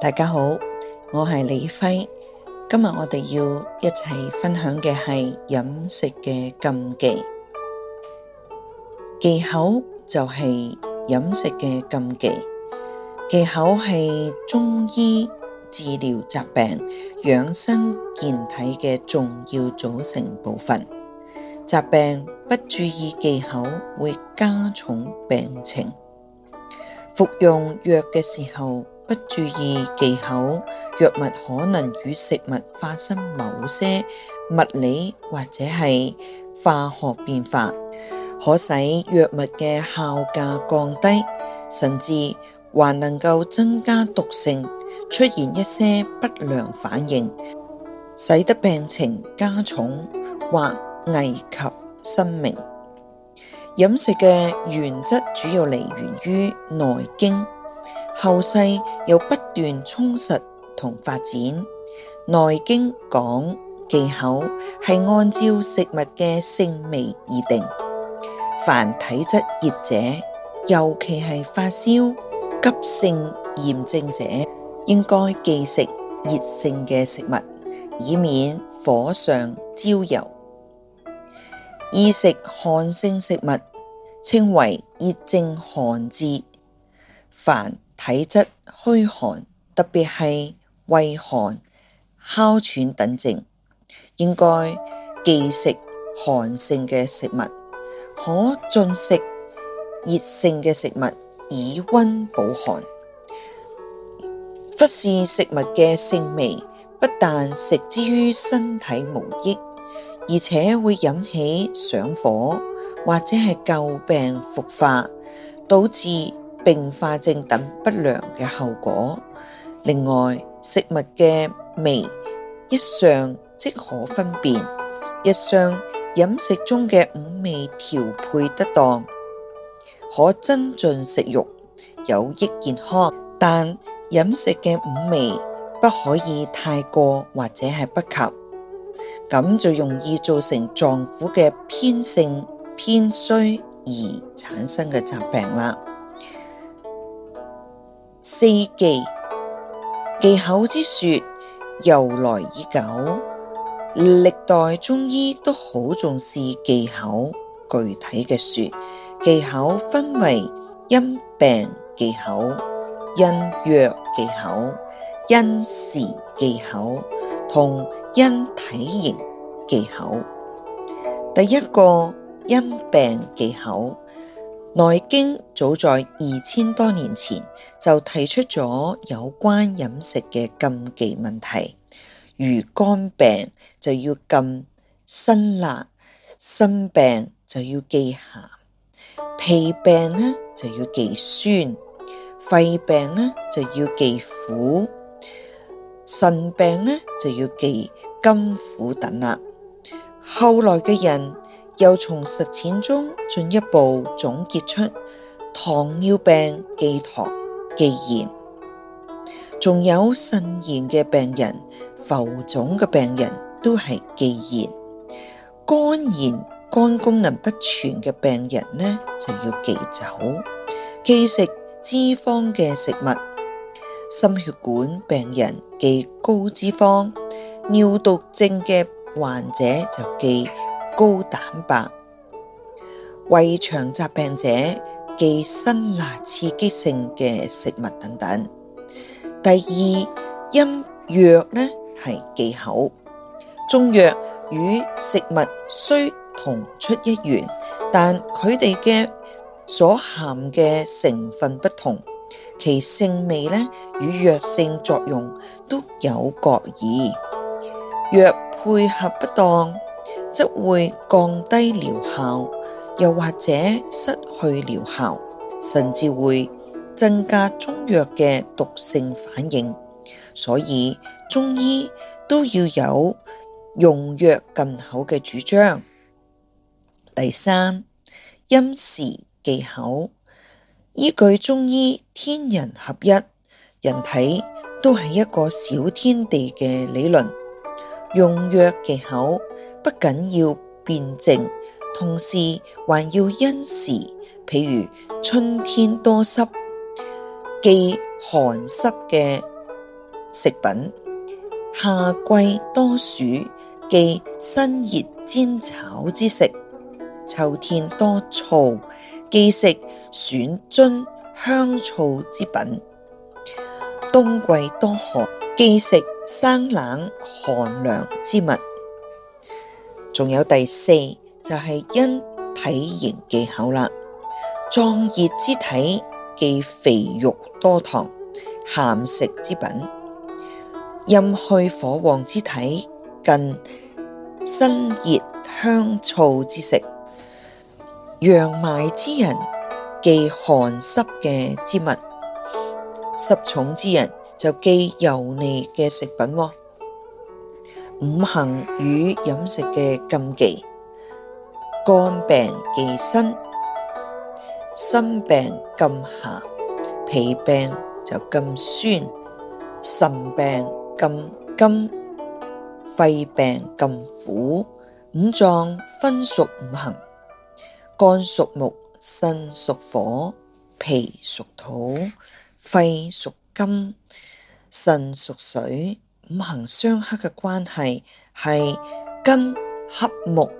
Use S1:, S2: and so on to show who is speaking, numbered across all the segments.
S1: 大家好，我係李輝，今日我哋要一齊分享嘅係飲食嘅禁忌。忌口就係飲食嘅禁忌。忌口係中醫治療疾病、養生健體嘅重要組成部分。疾病不注意忌口，會加重病情。服用藥嘅時候，不注意忌口，藥物可能與食物發生某些物理或者係化學變化，可使藥物嘅效價降低，甚至還能夠增加毒性，出現一些不良反應，使得病情加重或危及生命。飲食嘅原則主要來源於《內經》。後世又不斷充實同發展。內經講，忌口係按照食物嘅性味而定。凡體質熱者，尤其係發燒、急性炎症者，應該忌食熱性嘅食物，以免火上澆油。宜食寒性食物，稱為熱症寒治。凡體質虛寒，特別係胃寒、哮喘等症，應該忌食寒性嘅食物，可進食熱性嘅食物以温補寒。忽視食物嘅性味，不但食之於身體無益，而且會引起上火或者係舊病復發，導致併發症等不良嘅後果。另外，食物嘅味一嘗即可分辨，日常飲食中嘅五味調配得當，可增進食欲，有益健康。但飲食嘅五味不可以太過或者係不及，咁就容易造成臟腑嘅偏盛偏衰而產生嘅疾病啦。四忌，忌口之說由來已久，歷代中醫都好重視忌口。具體嘅說，忌口分為因病忌口、因藥忌口、因時忌口同因體型忌口。第一個因病忌口，《內經》。早在二千多年前就提出咗有關飲食嘅禁忌問題，如肝病就要禁辛辣，心病就要忌鹹，脾病呢就要忌酸，肺病呢就要忌苦，腎病呢就要忌甘苦等啦。後來嘅人又從實踐中進一步總結出。糖尿病忌糖忌鹽，仲有腎炎嘅病人、浮腫嘅病人都係忌鹽。肝炎、肝功能不全嘅病人呢，就要忌酒、忌食脂肪嘅食物。心血管病人忌高脂肪，尿毒症嘅患者就忌高蛋白。胃腸疾病者。忌辛辣刺激性嘅食物等等。第二，因藥呢係忌口。中藥與食物雖同出一源，但佢哋嘅所含嘅成分不同，其性味呢與藥性作用都有各異。若配合不當，則會降低療效。又或者失去療效，甚至會增加中藥嘅毒性反應，所以中醫都要有用藥禁口嘅主張。第三，因時忌口，依據中醫天人合一，人體都係一個小天地嘅理論，用藥忌口不僅要辨證。同時還要因時，譬如春天多濕，忌寒濕嘅食品；夏季多暑，忌辛熱煎炒之食；秋天多燥，忌食損津香燥之品；冬季多寒，忌食生冷寒涼之物。仲有第四。就係因體型忌口啦，壯熱之體忌肥肉多糖、鹹食之品；陰虛火旺之體忌辛熱香燥之食；陽邁之人忌寒濕嘅之物；濕重之人就忌油膩嘅食品。五行與飲食嘅禁忌。肝病忌辛，心病忌鹹，脾病就忌酸，腎病忌甘，肺病忌苦。五臟分屬五行，肝屬木，心屬火，脾屬土，肺屬金，腎屬水。五行相克嘅關係係金克木。.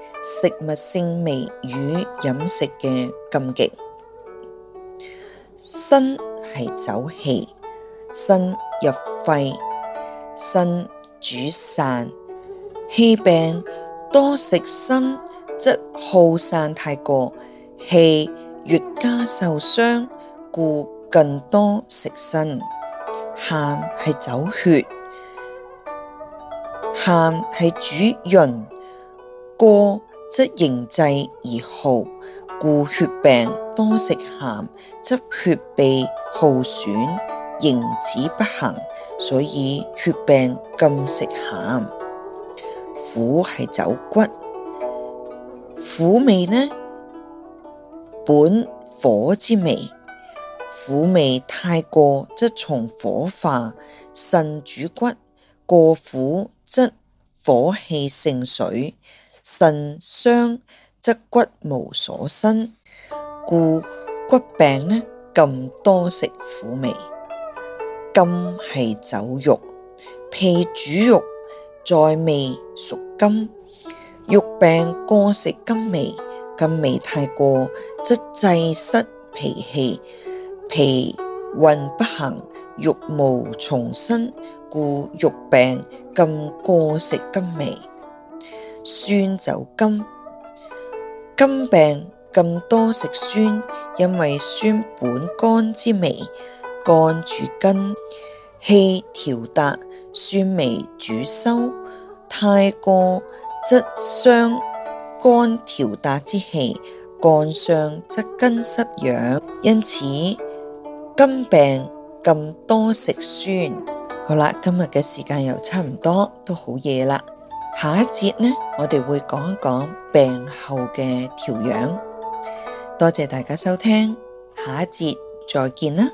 S1: 食物性味與飲食嘅禁忌。辛係走氣，辛入肺，辛主散。氣病多食辛，則耗散太過，氣越加受傷，故更多食辛。鹹係走血，鹹係主潤，過。則凝滯而耗，故血病多食鹹，則血被耗損，凝止不行，所以血病禁食鹹。苦係走骨，苦味呢？本火之味，苦味太過則從火化，腎主骨，過苦則火氣勝水。腎傷則骨無所生，故骨病呢，禁多食苦味。甘係走肉，脾主肉，在味屬甘，肉病過食甘味，甘味太過則滯濕脾氣，脾運不行，肉無從生，故肉病禁過食甘味。酸就肝，肝病咁多食酸，因為酸本肝之味，肝主筋，氣調達，酸味主收，太過則傷肝調達之氣，肝傷則筋失養，因此肝病咁多食酸。好啦，今日嘅時間又差唔多，都好夜啦。下一節呢，我哋會講一講病後嘅調養。多謝大家收聽，下一節再見啦。